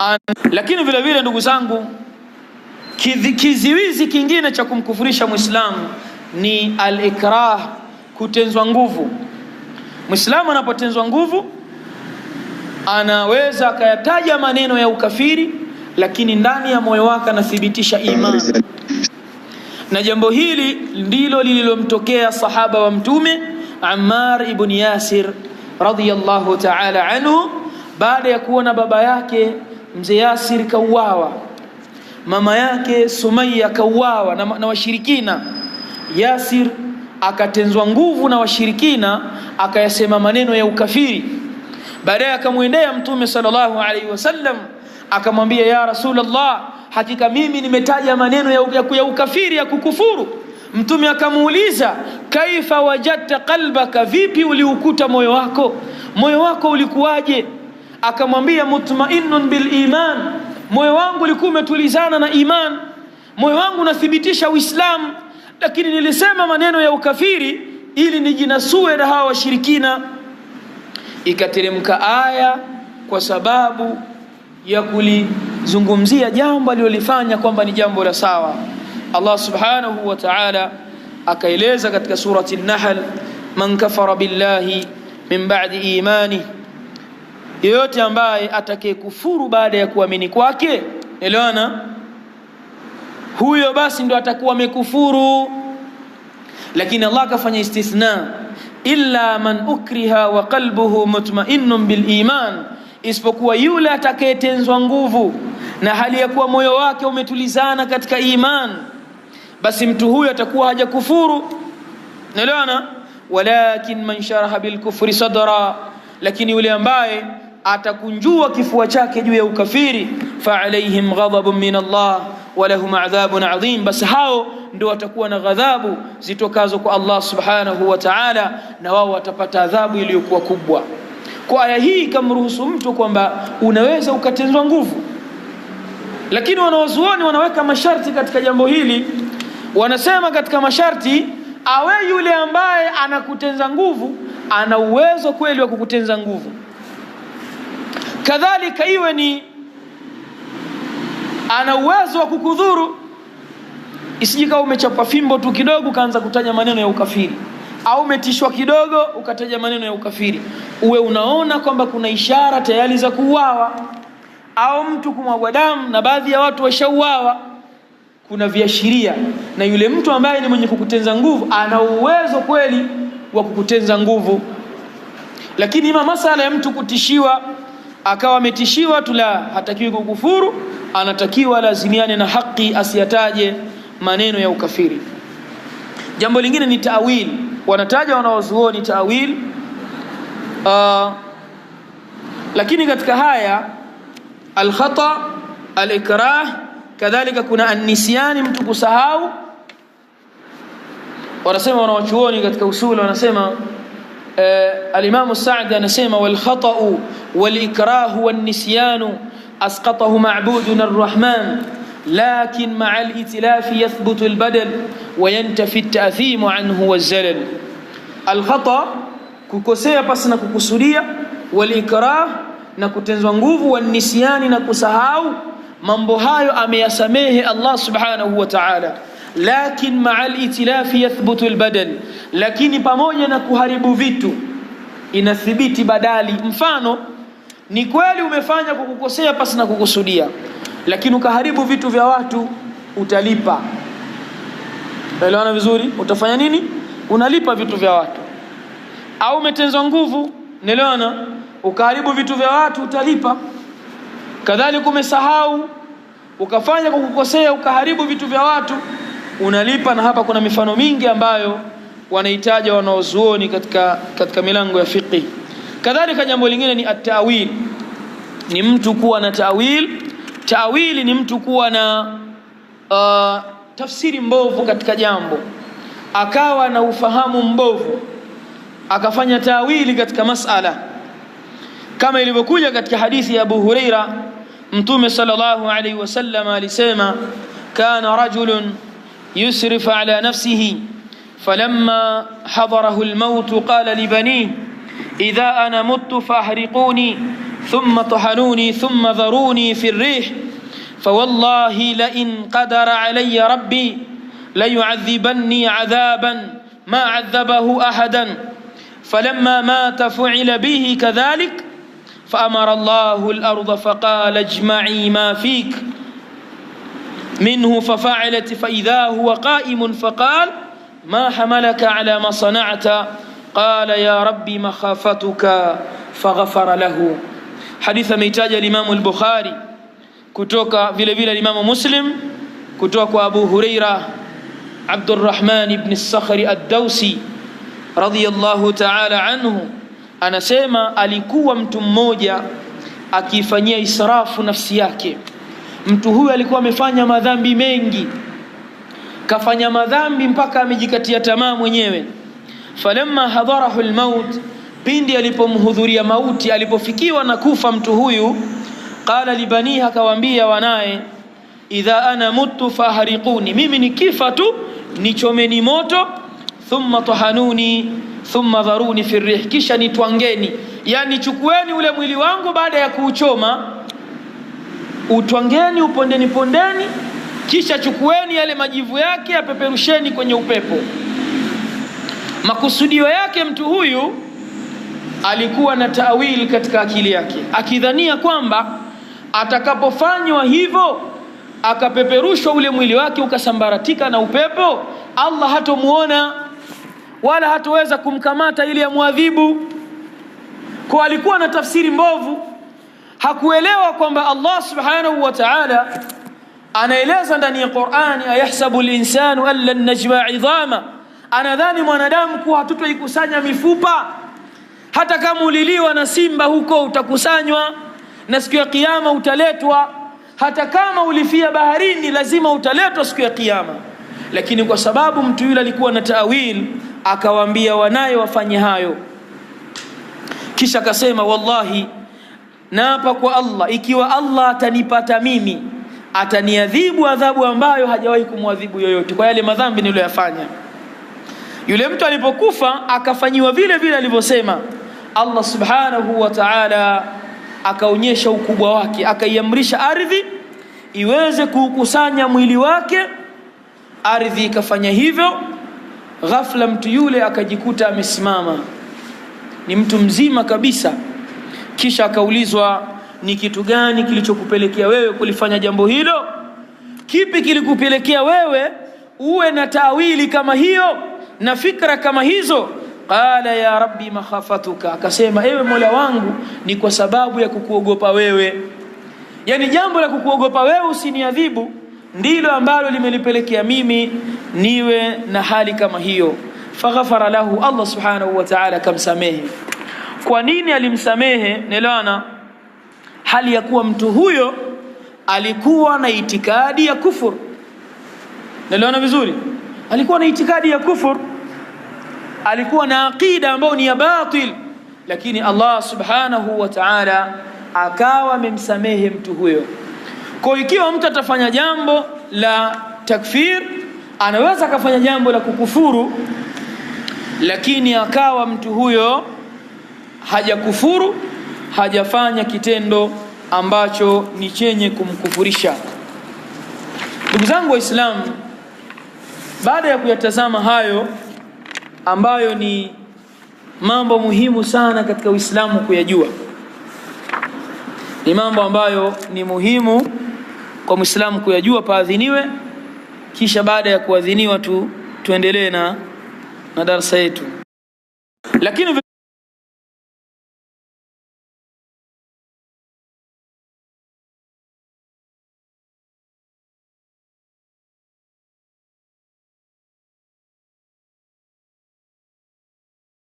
An, lakini vile vile ndugu zangu, kiziwizi kingine cha kumkufurisha Muislamu ni al-ikrah, kutenzwa nguvu. Muislamu anapotenzwa nguvu anaweza akayataja maneno ya ukafiri, lakini ndani ya moyo wake anathibitisha imani, na jambo hili ndilo lililomtokea sahaba wa Mtume Ammar ibn Yasir radhiyallahu ta'ala anhu baada ya kuona baba yake mzee Yasir kauawa, mama yake Sumaya kauawa na, na washirikina. Yasir akatenzwa nguvu na washirikina, akayasema maneno ya ukafiri. Baadaye akamwendea Mtume sallallahu alaihi wasallam akamwambia, ya Rasulullah, hakika mimi nimetaja maneno ya, ya ukafiri ya kukufuru. Mtume akamuuliza kaifa wajadta qalbaka, vipi uliukuta moyo wako? Moyo wako ulikuwaje? akamwambia mutmainnun bil iman, moyo wangu ulikuwa umetulizana na iman, moyo wangu unathibitisha Uislamu, lakini nilisema maneno ya ukafiri ili nijinasue na hawa washirikina. Ikateremka aya kwa sababu ya kulizungumzia jambo aliyolifanya kwamba ni jambo la sawa. Allah subhanahu wa ta'ala akaeleza katika surati An-Nahl, man kafara billahi min ba'di imanihi Yeyote ambaye atakayekufuru baada ya kuamini kwake, elewana, huyo basi ndo atakuwa amekufuru. Lakini Allah akafanya istithna, illa man ukriha wa qalbuhu mutmainnun bil iman, isipokuwa yule atakayetenzwa nguvu na hali ya kuwa moyo wake umetulizana katika iman, basi mtu huyo atakuwa hajakufuru. naelewana walakin man sharaha bilkufri sadra, lakini yule ambaye atakunjua kifua chake juu ya ukafiri, fa alaihim ghadabun min Allah wa lahum adhabun adhim, basi hao ndio watakuwa na ghadhabu zitokazo kwa Allah subhanahu wa ta'ala, na wao watapata adhabu iliyokuwa kubwa. Kwa aya hii ikamruhusu mtu kwamba unaweza ukatenzwa nguvu, lakini wanawazuoni wanaweka masharti katika jambo hili. Wanasema katika masharti awe yule ambaye anakutenza nguvu ana uwezo kweli wa kukutenza nguvu kadhalika iwe ni ana uwezo wa kukudhuru isijikawa umechapa fimbo tu kidogo ukaanza kutaja maneno ya ukafiri au umetishwa kidogo ukataja maneno ya ukafiri uwe unaona kwamba kuna ishara tayari za kuuawa au mtu kumwagwa damu na baadhi ya watu washauawa kuna viashiria na yule mtu ambaye ni mwenye kukutenza nguvu ana uwezo kweli wa kukutenza nguvu lakini ima masala ya mtu kutishiwa akawa ametishiwa tula hatakiwi kukufuru anatakiwa lazimiane na haki asiyataje maneno ya ukafiri jambo lingine ni tawil wanataja wanaozuoni tawil uh, lakini katika haya alkhata alikrah kadhalika kuna anisiani mtu kusahau wanasema wanawachuoni katika usuli wanasema آه، الإمام السعد نسيم والخطأ والإكراه والنسيان أسقطه معبودنا الرحمن لكن مع الإتلاف يثبت البدل وينتفي التأثيم عنه والزلل الخطأ كوكوسيا بسنا كوكوسوريا والإكراه نكوتنزو نغوفو والنسيان نكوسهاو من بهايو أمي الله سبحانه وتعالى lakin maa litilafi yathbutu lbadal, lakini pamoja na kuharibu vitu inathibiti badali. Mfano, ni kweli umefanya kwa kukosea pasi na kukusudia, lakini ukaharibu vitu vya watu utalipa. naelewana vizuri, utafanya nini? Unalipa vitu vya watu. Au umetenzwa nguvu, naelewana ukaharibu vitu vya watu utalipa. Kadhalika umesahau ukafanya kwa kukosea, ukaharibu vitu vya watu unalipa, na hapa kuna mifano mingi ambayo wanaitaja wanaozuoni katika, katika milango ya fiqhi. Kadhalika jambo lingine ni atawil, ni mtu kuwa na tawil. Tawili ni mtu kuwa na uh, tafsiri mbovu katika jambo, akawa na ufahamu mbovu, akafanya tawili katika masala, kama ilivyokuja katika hadithi ya Abu Huraira, Mtume sallallahu alaihi wasallam alisema, kana rajulun يسرف على نفسه فلما حضره الموت قال لبنيه إذا أنا مت فأحرقوني ثم طحنوني ثم ذروني في الريح فوالله لئن قدر علي ربي ليعذبني عذابا ما عذبه أحدا فلما مات فعل به كذلك فأمر الله الأرض فقال اجمعي ما فيك minhu fafa'alat faidha huwa qa'imun faqal ma hamalaka ala ma sana'ta qala ya rabbi makhafatuka faghafara lahu hadithi ameitaja limamu al-Bukhari kutoka vile vile limamu Muslim kutoka kwa Abu Huraira Abdurrahman ibn Sakhri ad-Dausi radiyallahu ta'ala anhu anasema alikuwa mtu mmoja akifanyia israfu nafsi yake mtu huyu alikuwa amefanya madhambi mengi kafanya madhambi mpaka amejikatia tamaa mwenyewe falamma hadharahu almaut pindi alipomhudhuria mauti alipofikiwa na kufa mtu huyu qala libanihi akawaambia wanaye idha ana mutu fahariquni mimi nikifa tu nichomeni moto thumma tahanuni thumma dharuni fi rih kisha nitwangeni yani chukueni ule mwili wangu baada ya kuuchoma utwangeni upondeni pondeni, kisha chukueni yale majivu yake apeperusheni kwenye upepo. Makusudio yake mtu huyu alikuwa na tawili katika akili yake, akidhania kwamba atakapofanywa hivyo akapeperushwa ule mwili wake ukasambaratika na upepo, Allah hatomuona wala hatoweza kumkamata ili amwadhibu, kwa alikuwa na tafsiri mbovu hakuelewa kwamba Allah subhanahu wa ta'ala anaeleza ndani ya Qur'ani ayahsabu al-insanu an lan najma idhama anadhani mwanadamu kuwa hatutoikusanya mifupa hata kama uliliwa na simba huko utakusanywa na siku ya kiyama utaletwa hata kama ulifia baharini lazima utaletwa siku ya kiyama lakini kwa sababu mtu yule alikuwa na taawil akawaambia wanaye wafanye hayo kisha akasema wallahi hapa kwa Allah, ikiwa Allah atanipata mimi ataniadhibu adhabu ambayo hajawahi kumwadhibu yoyote kwa yale madhambi niliyoyafanya. Yule mtu alipokufa akafanyiwa vile vile alivyosema. Allah subhanahu wa ta'ala akaonyesha ukubwa wake, akaiamrisha ardhi iweze kuukusanya mwili wake. Ardhi ikafanya hivyo. Ghafla mtu yule akajikuta amesimama, ni mtu mzima kabisa kisha akaulizwa ni kitu gani kilichokupelekea wewe kulifanya jambo hilo? Kipi kilikupelekea wewe uwe na tawili kama hiyo na fikra kama hizo? Qala ya rabbi makhafatuka, akasema ewe mola wangu ni kwa sababu ya kukuogopa wewe. Yani jambo la kukuogopa wewe usiniadhibu ndilo ambalo limelipelekea mimi niwe na hali kama hiyo. Faghafara lahu, Allah subhanahu wa ta'ala kamsamehe. Kwa nini alimsamehe nelewana hali ya kuwa mtu huyo alikuwa na itikadi ya kufur? Nelewana vizuri, alikuwa na itikadi ya kufur, alikuwa na aqida ambayo ni ya batil, lakini Allah subhanahu wa ta'ala akawa amemsamehe mtu huyo. Kwa ikiwa mtu atafanya jambo la takfir, anaweza akafanya jambo la kukufuru, lakini akawa mtu huyo hajakufuru, hajafanya kitendo ambacho ni chenye kumkufurisha. Ndugu zangu Waislamu, baada ya kuyatazama hayo ambayo ni mambo muhimu sana katika Uislamu kuyajua, ni mambo ambayo ni muhimu kwa Muislamu kuyajua paadhiniwe, kisha baada ya kuadhiniwa tu tuendelee na na darasa yetu, lakini